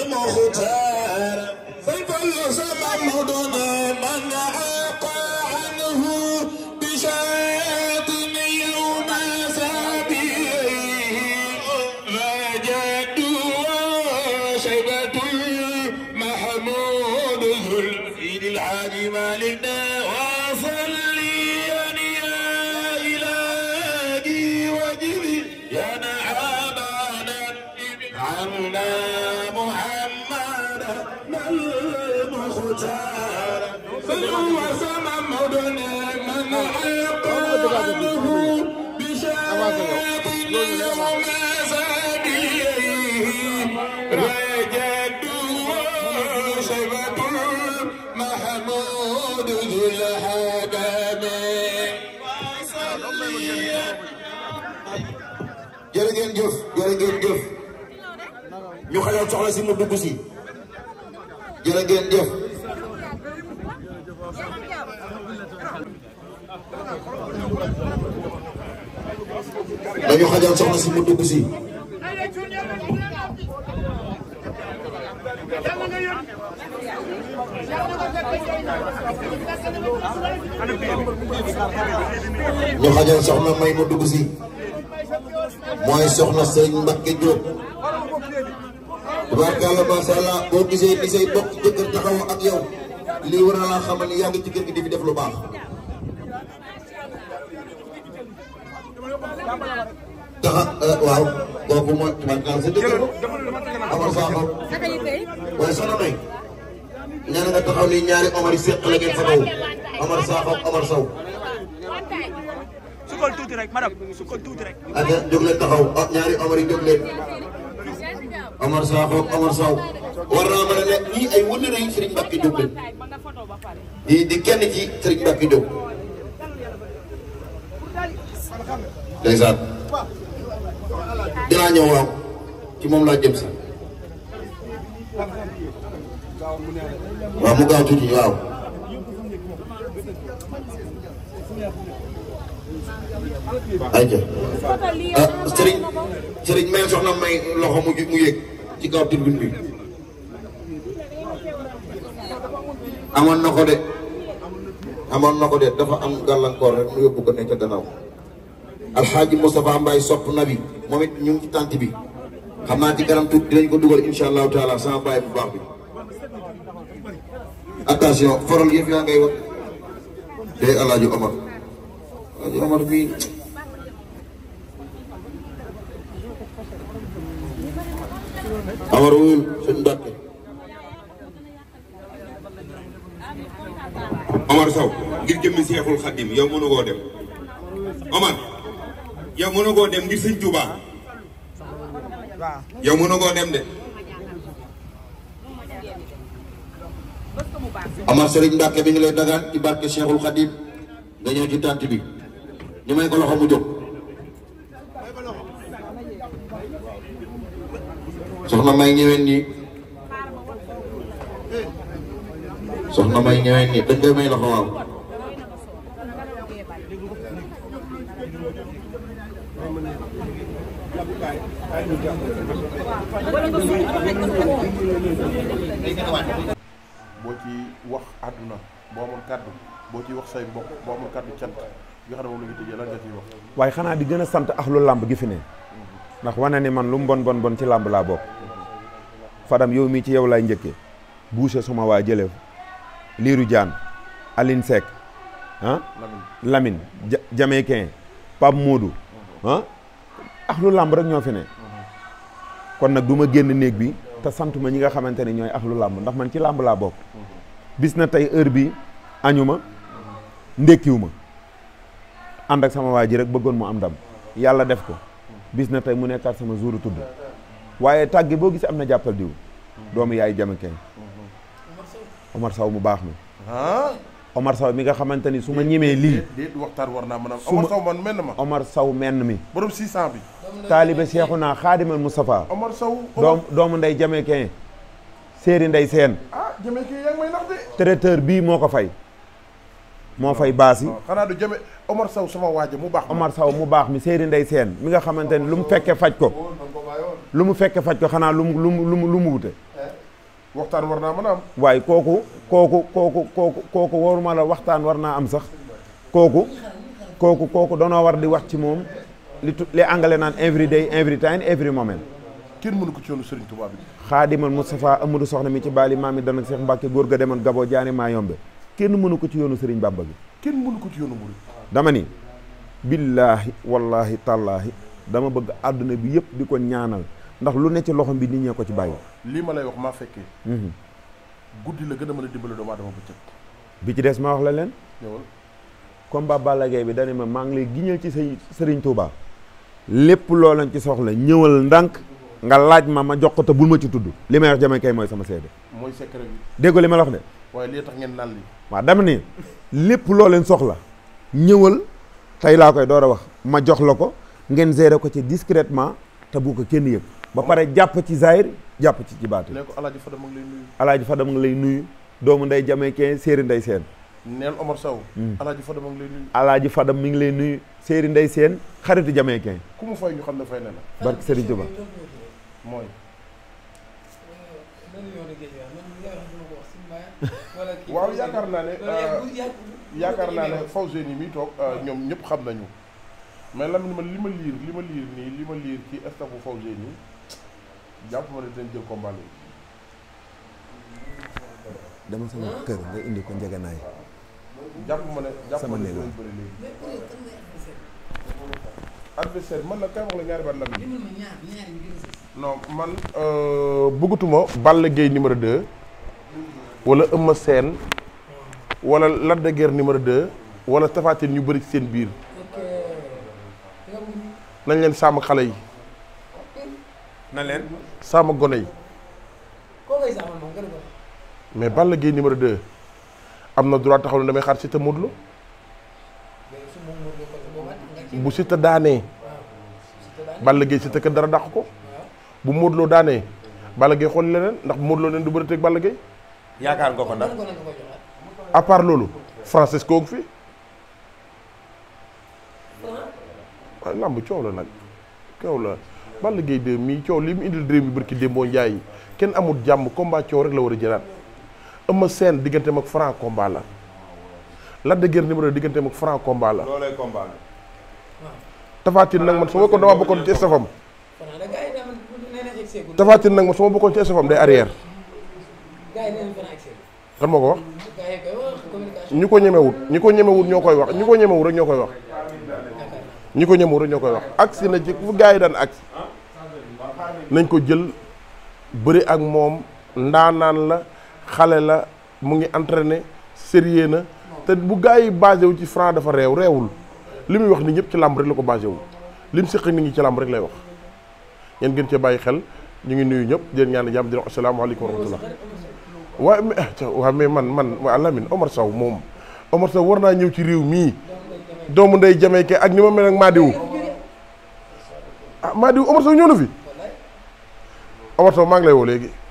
مختار فكل زمن مدن من عاقى عنه بشاد يوم سبيه وجدوا شيبة محمود ذو العالي مالك jërëngeen jëf jërëngeen jëf ñu xajal soxla si mu dugg si jërëngeen jëf dañu xajal soxna si mu dugg si ñu xajal soxna may mu dugg si mooy soxna sëñ Mbakke Diop tubaarkàlla macha allah boo gisee ni taxaw ak yow li wara la xamal ni yaa ci kër gi di fi def lu baax taxa waaw kooku mooy tubarkaal sa dëkk Omar Sakho waaye soxna May nee nga taxaw ni ñaari Omar sekk la ngeen fa taw Omar saxo Omar saw sukol tuuti rek madam sukol tuuti rek ak jóg leen taxaw ñaari oh, Omar yi jóg leen Omar Sakho Omar Sow war naa mën a ne ñii ay wëllëre yu Serigne Mbacké Diop lañ di di kenn dinaa ñëw waaw ci moom laa jëm si waaw mu gaaw tuuti waaw ayca ah Serigne Serigne may soxna may loxo mu mu yéeg ci kaw tribune bi amon nako de amon nako de dafa am galankor rek mu yóbbu ko ne ca gannaaw alxaaji Moustapha Mbaye sopp na bi ñu ngi ci bi xamna ci kanam dinañ ko duggal insha allahu taala sa baay bu baax bi attention foral yef yaa ngay wax de alaaji Omar alaaji Omar bi amarul sun suñ cheikhul khadim yow mënu koo dem Omar yow mënu koo dem ngir seigne Touba yow mënu koo dem de amar Serigne Mbacke mi ngi lay dagal ci barke cheikhul khadim dañu ci tante bi ñu may ko loxo mu jóg soxna may ñewen ni soxna may ñewen ni dañ may loxo waaw boo ci wax àdduna boo amul kàddu wax say mbokk boo amul kàddu waaye xanaa di gën a sant axlu làmb gi fi ne. ndax wane ni man lu mu bon bon bon ci làmb laa bokk. Fadam yow mi ci yow laay njëkkee. Boucher suma waa jëlee Liiru Diane Aline Seck ah. Lamine Lamine Jamaïcain Pape Modou ah làmb rek ñoo fi ne. kon nag du ma génn néeg bi te sant ma ñi nga xamante ni ñooy lu làmb ndax man ci làmb laa bokk bis na tey heure bi añu ma ndékkiwu ma ànd ak sama waa ji rek bëggoon mu am ndam yàlla def ko bis na tey mu nekkaat sama jouru tudd waaye tàgge boo gisee am na jàppal diw doom yaay jame kenn Omar Sow mu baax mi ah. Omar Sow mi nga xamanteni suma ñëmé li ñemee lii. déet waxtaan mën Omar Saw man menn Omar Saw menn mi. borom 600 bi. talibé cheikhuna khadim al Mustafa. Omar Sow dom dom nday Jamaïcain. séri nday sen ah Jamaïcain yaa may nax de. traiteur bi moko fay. mo fay basi xana du jëme Omar Sow sama waji mu bax Omar Sow mu bax mi séri Ndey sen mi nga xamanteni lu mu fekke fajj ko lu mu fekke fajj ko xana lu mu lu lu mu wute waxtaan war naa mën a waaye kooku kooku kooku kooku kooku waruma la waxtaan war naa am sax kooku kooku kooku danoo war di wax ci moom li tu li anglais naan every day every time every moment. kenn mënu ko ci yoonu Serigne Touba bi. xaadimal Moustapha Amadou Soxna mi ci baali maam mi dana Cheikh Mbacke góor ga demoon Gaboo jaani maa yombe kenn mënu ko ci yoonu Serigne Bamba kenn mënu ko ci yoonu Mouride. dama ni. billaahi wallaahi tallaahi dama bëgg àdduna bi yëpp di ko ñaanal. ndax lu nekk ci loxom bi nit ñee ko ci bàyyi. lii ma lay wax maa fekkee. Mhm. guddi la gën a mën a dimbali doomu aadama bëccëg. bi ci des ma wax la leen. comme combat Balla Gaye bi dane ma maa ngi lay giñal ci say Serigne Touba. lépp loo leen ci soxla ñëwal ndànk nga laaj ma ma jox ko te bul ma ci tudd. li may wax jame kay mooy sama seede. mooy secret bi. dégg li ma la wax de. waaye lii tax ngeen naan lii. waaw dama ne lépp loo leen soxla ñëwal tey laa koy door a wax ma jox la ko ngeen gérer ko ci discrètement te bu ko kenn yëg. ba pare jàpp ci zahir jàpp ci ci baatu. ne ko Alaaji Fada mu ngi lay nuyu. mu ngi lay nuyu. doomu nday jamee kee séeri nday seen. neel Omar Sow. Hmm. Alaaji Fada mu ngi lay nuyu. Alaaji Fada mi ngi nuyu. séeri nday seen xaritu jamee ku mu fay ñu xam ne fay na la. barke Serigne Touba mooy. waaw yaakaar naa ne euh, yaakaar naa ne Fawzeyni mi toog euh, ñoom ñëpp xam nañu mais lan ma li ma liir li ma liir nii li ma liir ci stafu Fawzeyni jàpp ma ne dinañ jël combat bi. dama sama kër nga indi ko njëganaay. jàpp ma man nag kay wax la ñaari baat lan non man euh, bëggatuma Balla Gaye numéro 2 wala Eumeu Sène wala Lac numéro 2 wala Tapha ñu bari ci seen biir nañ leen sàmm xale yi na leen sàmm gone yi. koo ngay sàmm moom mais Balla Gaye numéro 2 am na droit taxaw ne damay xaar Siteu Modou Lo. bu Siteu daanee. Balla Gaye Siteu kat dara dàq ko. bu Modou Lo daanee. Balla Gaye xool leneen ndax Modou leen du bëri teg Balla Gaye. yaakaar nga ko ndax. Ah. à part loolu. Francisco ngi fi. waaw coow la nag coow la. Balla Gaye 2 mii coow li mu indil réew mi barki démboo Njaay yi kenn amul jàmm combat coow rek la war a jëlaat Eumeu Sène digganteem ak Franc combat la Lac de Guiers numéro digganteem ak Franc combat la. loolay nag man su ma ko damaa bokkoon ci estafam. Tapha Tine nag man su ma bokkoon ci estafam day arrière. kan moo ko wax. ñu ko ñemewut ñi ko ñemewut ñoo koy wax ñu ko ñemewut rek ñoo koy wax. ñiko ko ñëmuru ñoo wax aksi na jik fu dan yi daan agsi nañ ko jël bëri ak mom ndaanaan la xalé la mu ngi entraîner sérieux na té bu gaay yi basé wu ci franc dafa réew réewul limi wax ni ñëpp ci lamb rek lako basé wu lim siq ni ngi ci lamb rek lay wax ñen gën ci xel ñu ngi nuyu ñëpp di ñaan jàmm di assalamu alaykum wa rahmatullah wa ah, mais man man wa alamin Omar saw mom Omar saw warna naa ñëw ci réew mi doomu ndey jameke ak ni ma mel ak Madiou ah Madiou Omar Sow ñëw na fi Omar Sow maa ngi lay woo léegi.